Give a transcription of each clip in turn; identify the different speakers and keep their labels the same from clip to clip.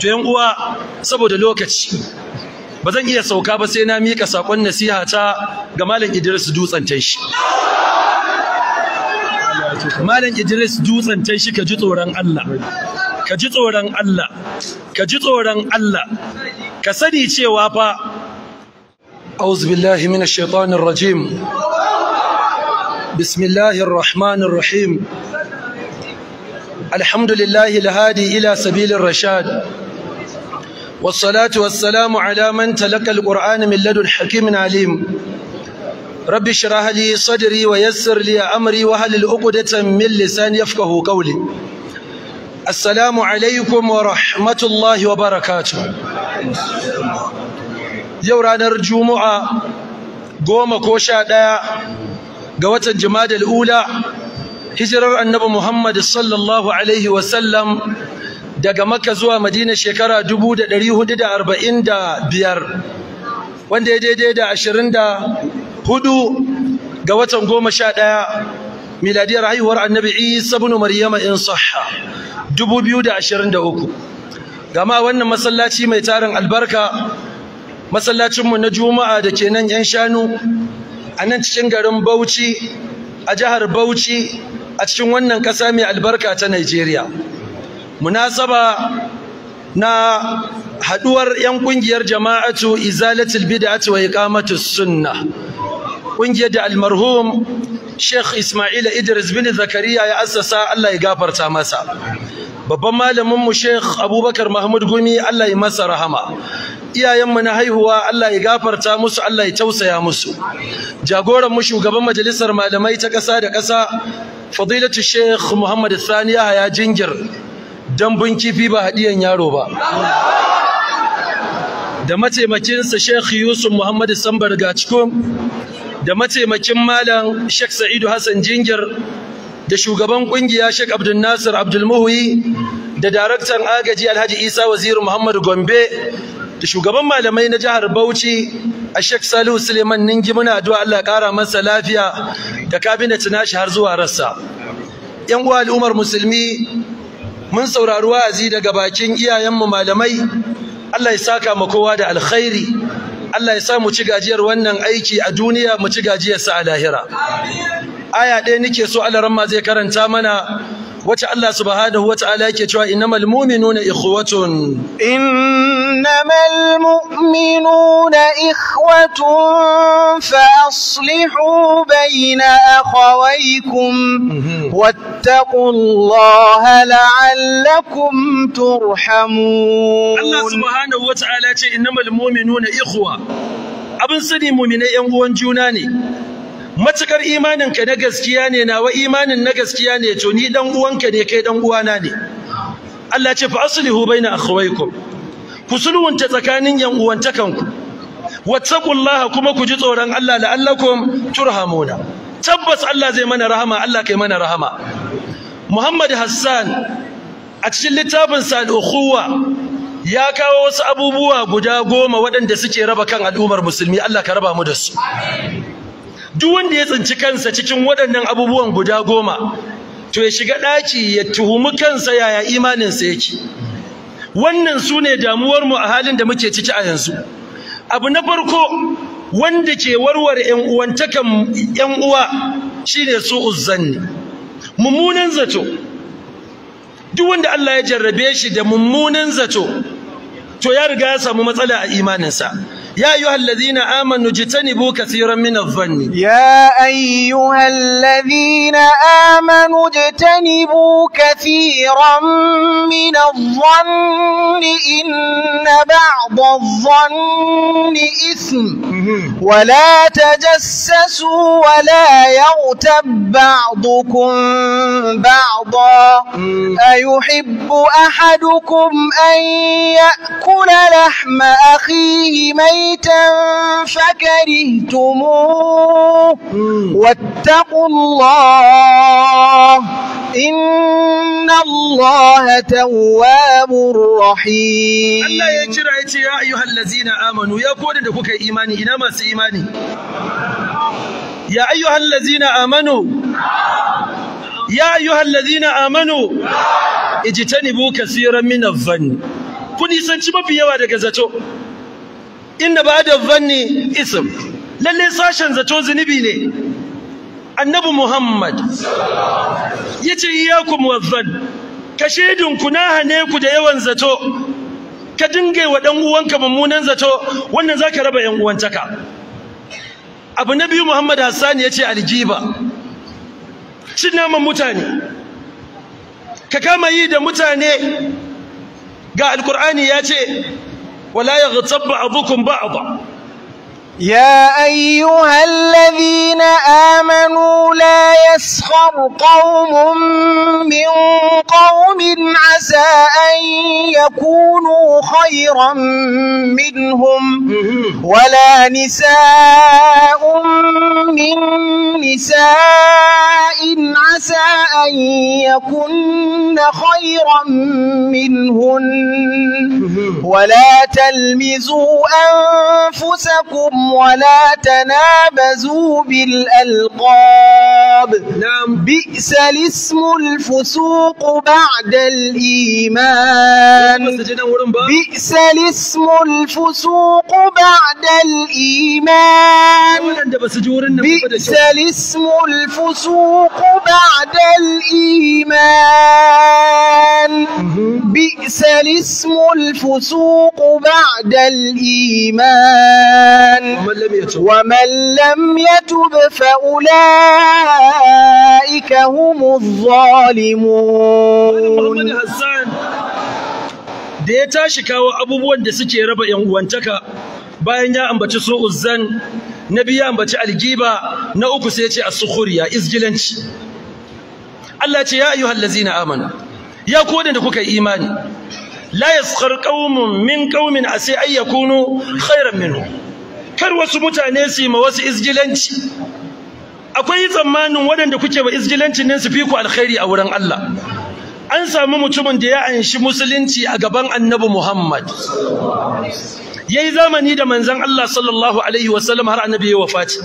Speaker 1: to yan uwa saboda lokaci ba zan iya sauka ba sai na mika sakon nasiha ta ga malam Idris dutsen shi malam Idris dutsen shi ka ji tsoron Allah ka ji tsoron Allah ka ji tsoron Allah ka sani cewa fa أعوذ billahi minash shaitanir rajim بسم الله الرحمن الرحيم الحمد لله الهادي إلى سبيل الرشاد والصلاة والسلام على من تلقى القرآن من لدن حكيم عليم رب اشرح لي صدري ويسر لي أمري وهل العقدة من لسان يفقه قولي السلام عليكم ورحمة الله وبركاته يورانا الجمعة قوم كوشا ga watan jimadal ula hijirar annabi Muhammad sallallahu alaihi wasallam daga makka zuwa madina shekara biyar, wanda ya daidai da 24 ga watan goma sha 11 miladiyar haihuwar annabi isa ibn maryama in sahha 2023 gama wannan masallaci mai tarin albarka masallacinmu na juma'a da ke nan yan shanu a nan cikin garin bauchi a jihar bauchi a cikin wannan ƙasa mai albarka ta nigeria munasaba na haduwar yan kungiyar jama'atu izalatul bid'ati wa iqamatus sunnah kungiyar da almarhum Sheikh Ismail Idris bin Zakariya ya assasa Allah ya gafarta masa babban malamin mu Sheikh Abubakar Mahmud Gumi Allah ya masa rahama iyayenmu na haihuwa Allah ya gafarta musu Allah ya tausaya musu jagoran mu shugaban majalisar malamai ta ƙasa da ƙasa fadilatu Sheikh Muhammad Sani Yahaya Jingir dambun kifi ba haɗiyan yaro ba da mataimakinsa Sheikh Yusuf Muhammad Sambar Gacikun da mataimakin malam Sheikh Sa'idu Hassan Jingir da shugaban kungiya Sheikh Abdul Nasir Abdul da daraktan agaji Alhaji Isa Waziri Muhammad Gombe da shugaban malamai na jihar Bauchi a Shek Salihu Suleiman Ningi muna addu'a Allah ƙara masa lafiya da kabinet nashi har zuwa rassa yan uwa al'ummar musulmi mun saurari wa'azi daga bakin iyayenmu malamai Allah ya saka mu kowa da alkhairi Allah ya sa mu ci gajiyar wannan aiki a duniya mu ci gajiyar sa a lahira aya ɗaya nake so Allah ramma zai karanta mana wacce Allah subhanahu wa ta'ala yake cewa innamal mu'minuna ikhwatun
Speaker 2: innamal mu'minuna ikhwatun fa aslihu bayna akhawaykum mhm.
Speaker 1: wattaqullaha la'allakum turhamun Allah subhanahu wa ta'ala ce innamal mu'minuna ikhwa abin sani mu'minai yan uwan juna ne matukar imaninka na gaskiya ne nawa imanin na gaskiya ne to ni dan uwanka ne kai dan uwana ne Allah ce fa aslihu baina akhawaykum ku sulhunta tsakanin yan uwantakanku wattaqullaha kuma ku ji tsoron Allah la'allakum turhamuna tabbas Allah zai mana rahama Allah kai mana rahama Muhammad Hassan a cikin littafin sa al-ukhuwa ya kawo wasu abubuwa guda goma waɗanda suke raba kan al'ummar musulmi Allah ka raba mu da su amin duk wanda ya tsinci kansa cikin waɗannan abubuwan guda goma to ya shiga ɗaki ya tuhumi kansa yaya imaninsa yake wannan su ne mu a halin da muke ciki a yanzu abu na farko wanda ke warware ‘yan uwantakan ‘yan uwa shine su uzzanni mummunan zato duk wanda Allah ya jarrabe shi da mummunan zato to ya riga ya samu matsala a imaninsa يا أيها الذين آمنوا اجتنبوا كثيرا من الظن يا
Speaker 2: أيها الذين آمنوا اجتنبوا كثيرا من الظن إن بعض الظن إثم ولا تجسسوا ولا يغتب بعضكم بعضا أيحب أحدكم أن يأكل لحم أخيه ميتا ميتا فكرهتموه واتقوا الله إن الله تواب رحيم
Speaker 1: الله يجرى يا أيها الذين آمنوا يا كون دكوك إيماني إنما سيماني يا أيها الذين آمنوا يا أيها الذين آمنوا اجتنبوا كثيرا من الظن كن يسنشي ما في يوا دكزاتو inna ba'da vanni isim. lalle sashen zato zunubi ne annabi muhammad yace iyyakum wadhann ka shedin ku na hane ku da yawan zato ka dinga wa dan uwanka mummunan zato wannan zaka raba yan uwantaka abu na biyu muhammad hassan yace aljiba cin naman mutane ka kama yi da mutane ga alkur'ani ya ce ولا يغتب بعضكم بعضا
Speaker 2: يا أيها الذين آمنوا لا يسخر قوم من قوم عسى أن يكونوا خيرا منهم ولا نساء من نساء عسى أن يكن منهن ولا تلمزوا أنفسكم ولا تنابزوا بالألقاب نعم. بئس الاسم الفسوق بعد الإيمان بئس الاسم الفسوق بعد الإيمان بئس الاسم الفسوق بعد الإيمان إيمان بئس الاسم الفسوق بعد الإيمان ومن لم يتب فأولئك هم الظالمون
Speaker 1: da ya tashi kawo abubuwan da suke raba ‘yan uwantaka bayan ya ambaci su uzzan na biya ambaci algiba na uku sai ya ce a sukhuriya izgilanci Allah ce ya ayyuhal lazina amanu ya kodin da kuka imani la yaskhar qaumun min qaumin sai ay yakunu khairan kar wasu mutane su ma wasu izgilanci akwai tsammanin waɗanda kuke ba izgilancin nan su fi ku alkhairi a wurin Allah an samu mutumin da ya anshi musulunci a gaban annabi Muhammad yayi zamani da manzon Allah sallallahu alaihi wasallam har annabi ya wafati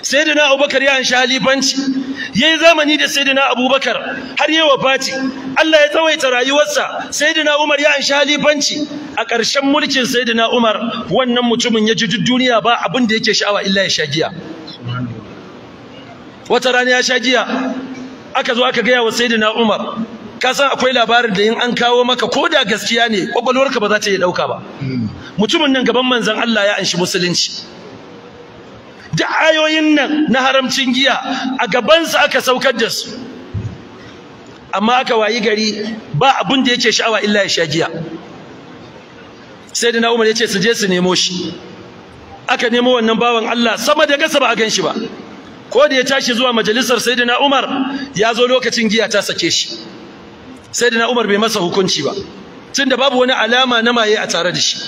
Speaker 1: sayyidina Abubakar ya anshi halifanci yayi zamani da sayyidina abubakar har wa wafati Allah ya tsawaita rayuwarsa sayyidina umar ya anshi halifanci a ƙarshen mulkin sayyidina umar wannan mutumin ya ji duk duniya ba abin da yake sha'awa illa ya sha giya wata rana ya sha giya aka zo aka gaya wa sayyidina umar ka san akwai labarin da yin an kawo maka ko da gaskiya ne kwakwalwarka ba za ta iya ɗauka ba hmm. mutumin nan gaban manzon Allah ya anshi musulunci duk ayoyin nan na haramcin giya a gabansa aka saukar da su amma aka wayi gari ba abin da yake sha'awa illa ya sha giya sai da ya ce su je su nemo shi aka nemo wannan bawan Allah sama da gasa ba a gan shi ba ko da ya tashi zuwa majalisar sayyidina Umar ya zo lokacin giya ta sake shi Sai da Umar bai masa hukunci ba tunda babu wani alama na maye a tare da shi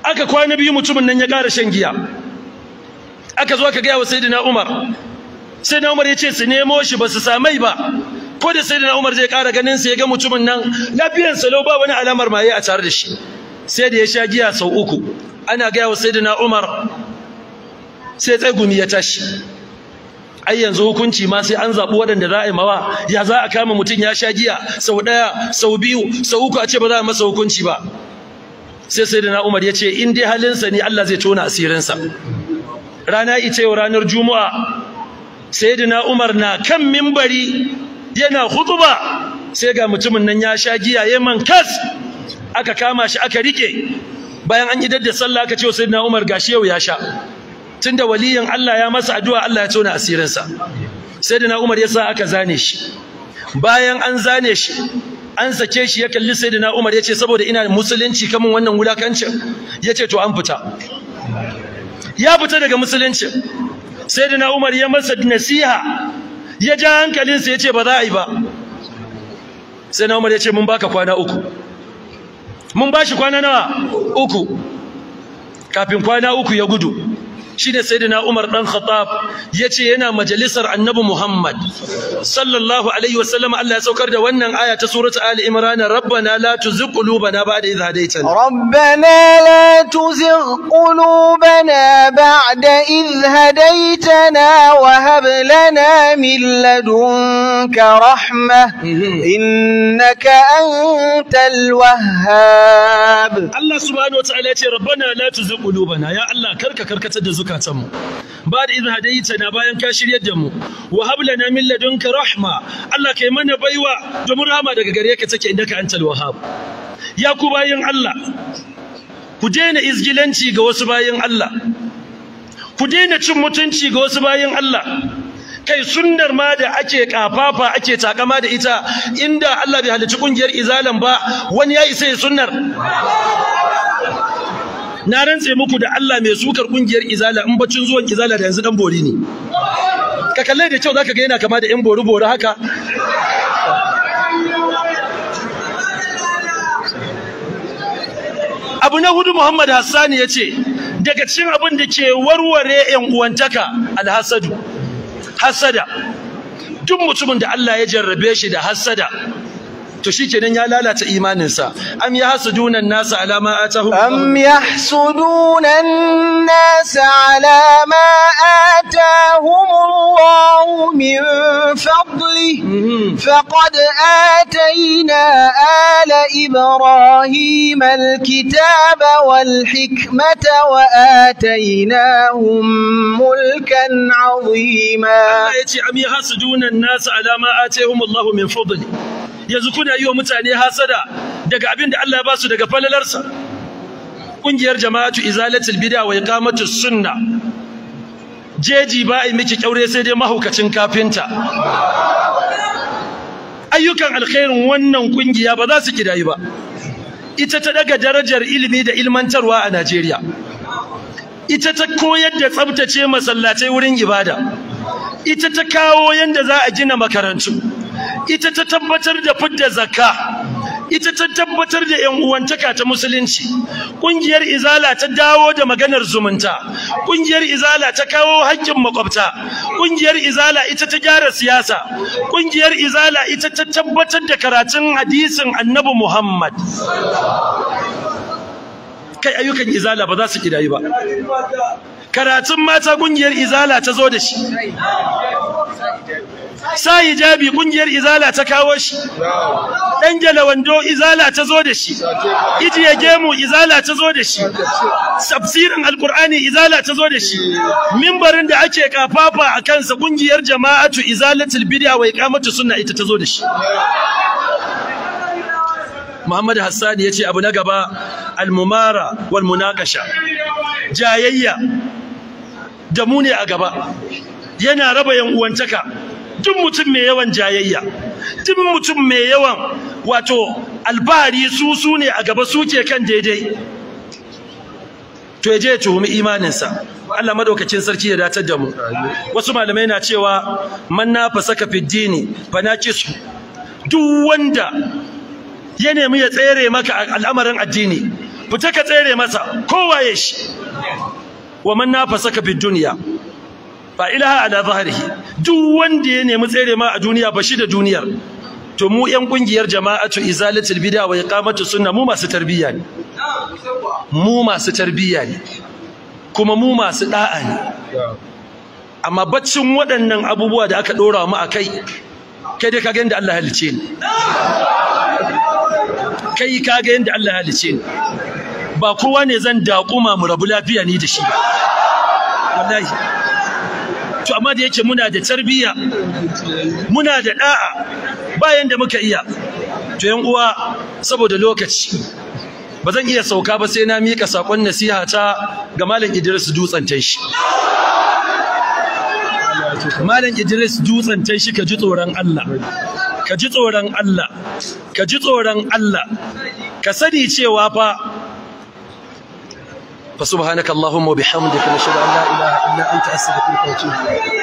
Speaker 1: aka kwana biyu mutumin nan ya ƙara shan giya aka zo aka gaya wa sayyidina Umar sayyidina Umar ya ce su nemo shi ba su samai ba ko da sayyidina Umar zai ƙara ganin sa ya ga mutumin nan lafiyar sa lau ba wani alamar maye a tare da shi sai da ya sha giya sau uku ana gaya wa sayyidina Umar sai tsagumi ya tashi ai yanzu hukunci ma sai an zaɓi waɗanda za a mawa ya za a kama mutum ya sha giya sau ɗaya sau biyu sau uku a ce ba za a masa hukunci ba sai sayyidina umar ya ce in dai halinsa ne allah zai tona asirinsa rana ita yau ranar juma'a sayyidina umar na kan mimbari yana hutuba sai ga mutumin nan ya sha giya ya mankas aka kama shi aka rike bayan an yi dadda sallah aka ce wa sayyidina umar gashi yau ya sha tunda waliyin Allah ya masa addu'a Allah ya tona asirinsa sayyidina umar ya sa aka zane shi bayan an zane shi an sake shi ya kalli sayyidina umar ya ce saboda ina musulunci kamun wannan wulakancin ya ce to an fita ya fita daga musulunci sayyidina Umar ya masa nasiha ya ja hankalinsa ya ce ba za a yi ba sai na Umar ya ce mun baka kwana uku mun bashi kwana nawa uku kafin kwana uku ya gudu shine sayyidina Umar dan Khattab yace yana majalisar Annabi Muhammad sallallahu alaihi wasallam Allah ya saukar da wannan aya ta suratu Ali Imran rabbana la tuzigh qulubana ba'da idh hadaytana
Speaker 2: rabbana la tuzigh qulubana ba'da idh hadaytana wa hab lana min ladunka rahmah innaka antal wahhab
Speaker 1: Allah subhanahu wa ta'ala yace rabbana la tuzigh qulubana ya Allah karka karkatar da Ba da idan hadayi tana bayan ka shirya da mu wa habla na min ladunka rahma Allah kai mana baiwa domin rahma daga gare ka take inda ka antal wahab ya ku bayin Allah ku daina izgilanci ga wasu bayin Allah ku daina cin mutunci ga wasu bayin Allah kai sunnar ma da ake kafafa ake takama da ita inda Allah bai halicci kungiyar izalan ba wani ya isa sunnar na rantse muku da Allah mai sukar kungiyar izala in bacin zuwan izala da yanzu dan bori ne ka kalle da kyau zaka ga yana kama da yan bori bori haka abu na hudu Muhammad Hassani ya ce daga cikin abin da ke warware yan uwantaka alhasadu hasada duk mutumin da Allah ya jarrabe shi da hasada to shikenan ya lalata imanin sa am yahsuduna an-nas ala ma atahum am yahsuduna an-nas ala ma
Speaker 2: atahum Allah min fadli faqad atayna ala ibrahim al-kitaba wal-hikmata wa ataynahum
Speaker 1: mulkan 'azima Allah yace am yahsuduna an-nas ala ma atahum Allah min fadli yanzu kuna yi wa mutane hasada daga abin da Allah ya ba su daga falalarsa kungiyar jama'atu izalatul bid'a wa iqamatus sunna jeji ba a miki kyaure sai dai mahaukacin kafinta ayyukan alkhairin wannan ƙungiya ba za su kidayi ba ita ta daga darajar ilimi da ilmantarwa a Najeriya ita ta koyar da tsabtace masallatai wurin ibada ita ta kawo yanda za a gina makarantu ita ta tabbatar da fidda zakka ita ta tabbatar da yan uwantaka ta musulunci kungiyar izala ta dawo da maganar zumunta kungiyar izala ta kawo haƙƙin makwabta kungiyar izala ita ta gyara siyasa kungiyar izala ita ta tabbatar da karatun hadisin annabi muhammad kai ayyukan izala ba za su kidayi ba karatun mata kungiyar izala ta zo da shi sa hijabi kungiyar izala ta kawo shi dan jalawando wando izala ta zo da shi ijiye gemu izala ta zo da shi tafsirin alqur'ani izala ta zo da shi mimbarin da ake kafafa a kansa kungiyar jama'atu izalatul bid'a wa iqamatu sunna ita ta zo da shi Muhammad Hassan yace abu na gaba al-mumara wal munakasha jayayya da mu ne a gaba yana raba yan uwantaka duk mutum mai yawan jayayya duk mutum mai yawan wato albari su su ne a gaba suke kan daidai to je ya tuhumi imaninsa Allah madaukakin sarki ya datar da mu wasu malamai na cewa man fa saka fiddini fa su? duk wanda ya nemi ya tsere maka al'amarin addini fita ka tsere masa kowa ya shi wa man fa saka fiddunya fa ilaha ala zahrihi duk wanda ya nemi tsere ma a duniya ba shi da duniyar to mu yan kungiyar jama'atu izalatul bid'a wa iqamatu sunna mu masu tarbiyya ne mu masu tarbiyya ne kuma mu masu da'a ne amma baccin waɗannan abubuwa da aka dora mu akai kai dai ka ga yanda Allah halice ni kai ka ga yanda Allah halice ni ba kowa ne zan daƙuma mu rabu lafiya ni da shi wallahi to amma da yake muna da tarbiyya muna da da'a bayan da muka iya to yan uwa saboda lokaci ba zan iya sauka ba sai na mika sakon nasiha ta ga malam Idris dutsen shi malam Idris dutsen shi ka ji tsoron Allah ka ji tsoron Allah ka ji tsoron Allah ka sani cewa fa فسبحانك اللهم وبحمدك نشهد ان لا اله الا انت استغفرك واتوب اليك